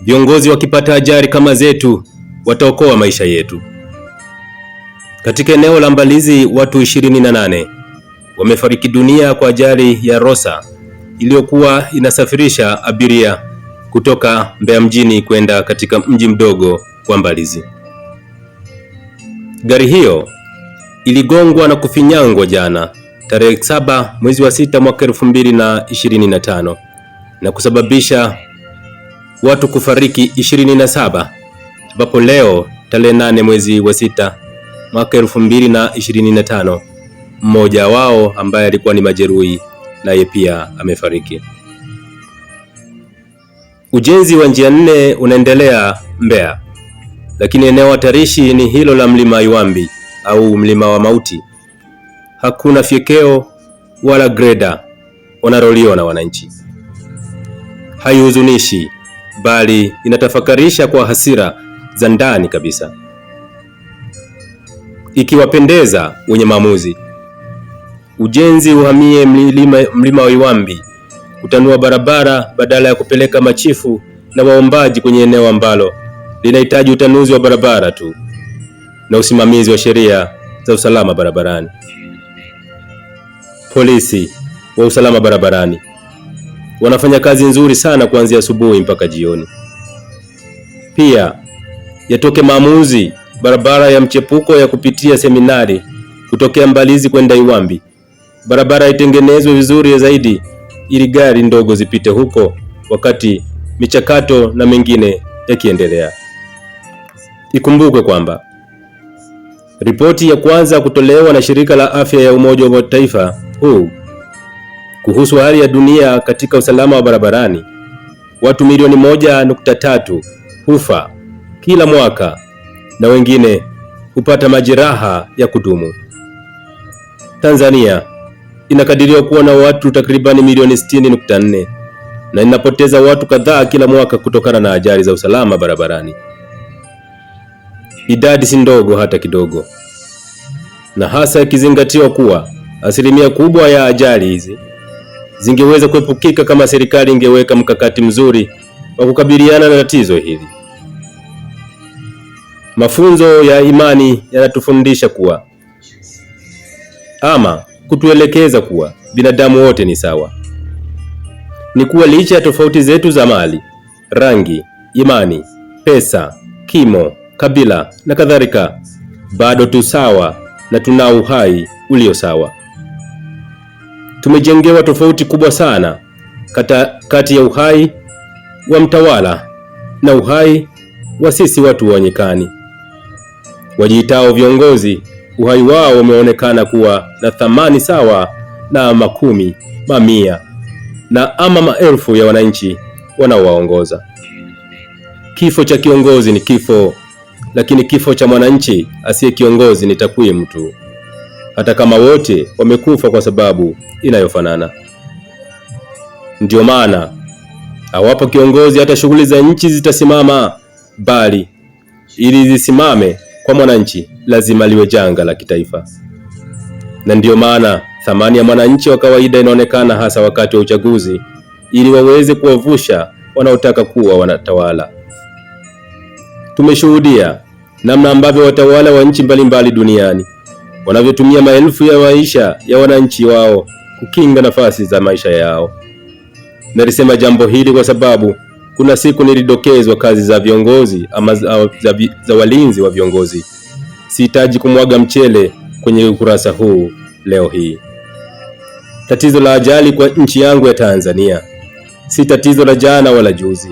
viongozi wakipata ajali kama zetu wataokoa maisha yetu. Katika eneo la Mbalizi watu 28 wamefariki dunia kwa ajali ya Rosa iliyokuwa inasafirisha abiria kutoka Mbeya mjini kwenda katika mji mdogo wa Mbalizi. Gari hiyo iligongwa na kufinyangwa jana tarehe 7 mwezi wa 6 mwaka 2025 na kusababisha watu kufariki 27 ambapo leo tarehe 8 mwezi wa sita mwaka 2025 mmoja wao ambaye alikuwa ni majeruhi naye pia amefariki. Ujenzi wa njia nne unaendelea Mbeya, lakini eneo hatarishi ni hilo la mlima Iwambi au mlima wa mauti. Hakuna fyekeo wala greda na wananchi. Haihuzunishi bali inatafakarisha kwa hasira za ndani kabisa, ikiwapendeza wenye maamuzi. Ujenzi uhamie mlima, mlima wa Iwambi, utanua barabara badala ya kupeleka machifu na waombaji kwenye eneo ambalo linahitaji utanuzi wa barabara tu na usimamizi wa sheria za usalama barabarani. Polisi wa usalama barabarani wanafanya kazi nzuri sana kuanzia asubuhi mpaka jioni. Pia yatoke maamuzi barabara ya mchepuko ya kupitia seminari kutokea Mbalizi kwenda Iwambi, barabara itengenezwe vizuri zaidi ili gari ndogo zipite huko, wakati michakato na mengine yakiendelea. Ikumbukwe kwamba ripoti ya kwanza kutolewa na shirika la afya ya Umoja wa Mataifa huu kuhusu hali ya dunia katika usalama wa barabarani, watu milioni moja nukta tatu hufa kila mwaka na wengine hupata majeraha ya kudumu. Tanzania inakadiriwa kuwa na watu takribani milioni sitini nukta nne na inapoteza watu kadhaa kila mwaka kutokana na ajali za usalama barabarani. Idadi si ndogo hata kidogo, na hasa ikizingatiwa kuwa asilimia kubwa ya ajali hizi zingeweza kuepukika kama serikali ingeweka mkakati mzuri wa kukabiliana na tatizo hili. Mafunzo ya imani yanatufundisha kuwa ama kutuelekeza kuwa binadamu wote ni sawa, ni kuwa licha ya tofauti zetu za mali, rangi, imani, pesa, kimo, kabila na kadhalika, bado tu sawa na tuna uhai ulio sawa tumejengewa tofauti kubwa sana kata, kati ya uhai wa mtawala na uhai wa sisi watu wa nyikani wajiitao viongozi. Uhai wao umeonekana kuwa na thamani sawa na makumi, mamia na ama maelfu ya wananchi wanaowaongoza. Kifo cha kiongozi ni kifo, lakini kifo cha mwananchi asiye kiongozi ni takwimu tu hata kama wote wamekufa kwa sababu inayofanana. Ndiyo maana hawapo kiongozi, hata shughuli za nchi zitasimama, bali ili zisimame kwa mwananchi lazima liwe janga la kitaifa. Na ndiyo maana thamani ya mwananchi wa kawaida inaonekana hasa wakati wa uchaguzi, ili waweze kuwavusha wanaotaka kuwa wanatawala. Tumeshuhudia namna ambavyo watawala wa nchi mbalimbali duniani wanavyotumia maelfu ya maisha ya wananchi wao kukinga nafasi za maisha yao. Nalisema jambo hili kwa sababu kuna siku nilidokezwa kazi za viongozi ama za, za, za walinzi wa viongozi. Sihitaji kumwaga mchele kwenye ukurasa huu leo hii. Tatizo la ajali kwa nchi yangu ya Tanzania si tatizo la jana wala juzi,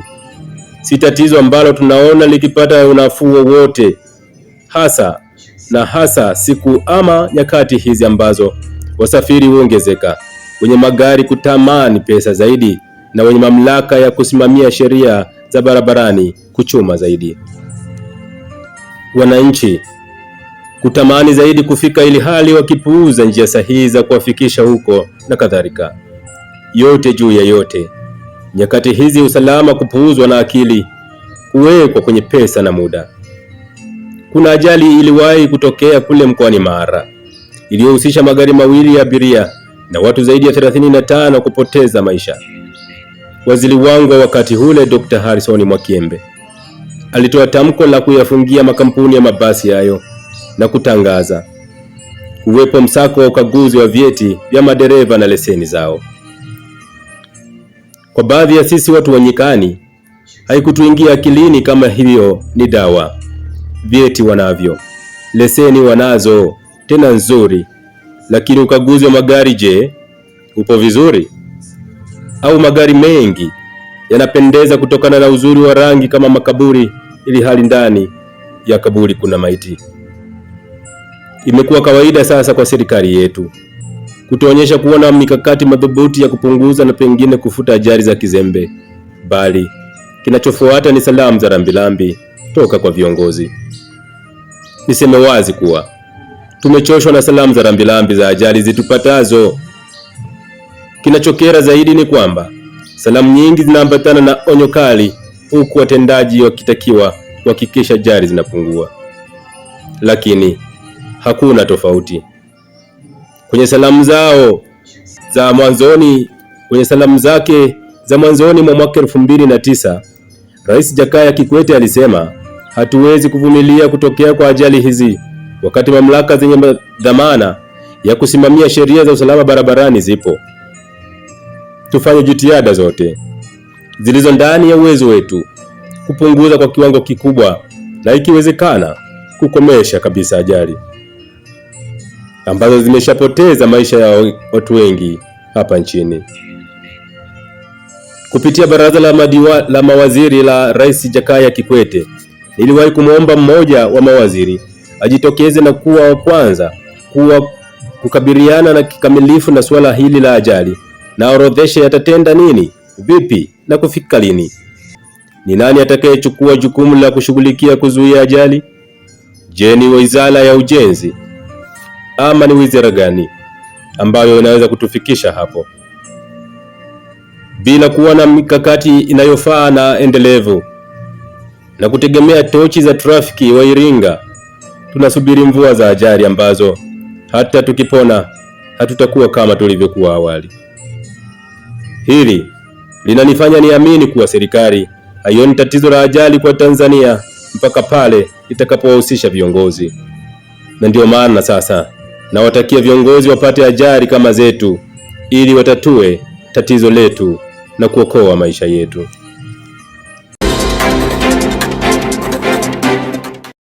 si tatizo ambalo tunaona likipata unafuu wowote, hasa na hasa siku ama nyakati hizi ambazo wasafiri huongezeka, wenye magari kutamani pesa zaidi, na wenye mamlaka ya kusimamia sheria za barabarani kuchuma zaidi, wananchi kutamani zaidi kufika, ili hali wakipuuza njia sahihi za kuwafikisha huko na kadhalika. Yote juu ya yote, nyakati hizi usalama kupuuzwa na akili kuwekwa kwenye pesa na muda kuna ajali iliwahi kutokea kule mkoani Mara iliyohusisha magari mawili ya abiria na watu zaidi ya 35 kupoteza maisha. Waziri wangu wa wakati ule Dr. Harrison Mwakiembe alitoa tamko la kuyafungia makampuni ya mabasi hayo na kutangaza kuwepo msako wa ukaguzi wa vyeti vya madereva na leseni zao. Kwa baadhi ya sisi watu wa nyikani haikutuingia akilini kama hiyo ni dawa vyeti wanavyo, leseni wanazo, tena nzuri. Lakini ukaguzi wa magari je, upo vizuri? Au magari mengi yanapendeza kutokana na uzuri wa rangi kama makaburi, ili hali ndani ya kaburi kuna maiti? Imekuwa kawaida sasa kwa serikali yetu kutoonyesha kuona mikakati madhubuti ya kupunguza na pengine kufuta ajali za kizembe, bali kinachofuata ni salamu za rambirambi toka kwa viongozi niseme wazi kuwa tumechoshwa na salamu za rambirambi za ajali zitupatazo. Kinachokera zaidi ni kwamba salamu nyingi zinaambatana na onyo kali, huku watendaji wakitakiwa kuhakikisha ajali zinapungua, lakini hakuna tofauti kwenye salamu zao za mwanzoni. Kwenye salamu zake za mwanzoni mwa mwaka elfu mbili na tisa Rais Jakaya Kikwete alisema Hatuwezi kuvumilia kutokea kwa ajali hizi wakati mamlaka zenye dhamana ya kusimamia sheria za usalama barabarani zipo. Tufanye jitihada zote zilizo ndani ya uwezo wetu kupunguza kwa kiwango kikubwa na ikiwezekana kukomesha kabisa ajali ambazo zimeshapoteza maisha ya watu wengi hapa nchini. Kupitia baraza la madiwa, la mawaziri la Rais Jakaya Kikwete Niliwahi kumwomba mmoja wa mawaziri ajitokeze na kuwa wa kwanza kuwa kukabiliana na kikamilifu na suala hili la ajali, na orodheshe yatatenda nini, vipi na kufika lini. Ni nani atakayechukua jukumu la kushughulikia kuzuia ajali? Je, ni wizara ya ujenzi ama ni wizara gani ambayo inaweza kutufikisha hapo? Bila kuwa na mikakati inayofaa na endelevu, na kutegemea tochi za trafiki wa Iringa, tunasubiri mvua za ajali ambazo hata tukipona hatutakuwa kama tulivyokuwa awali. Hili linanifanya niamini kuwa serikali haioni tatizo la ajali kwa Tanzania mpaka pale itakapowahusisha viongozi, na ndio maana sasa nawatakia viongozi wapate ajali kama zetu ili watatue tatizo letu na kuokoa maisha yetu.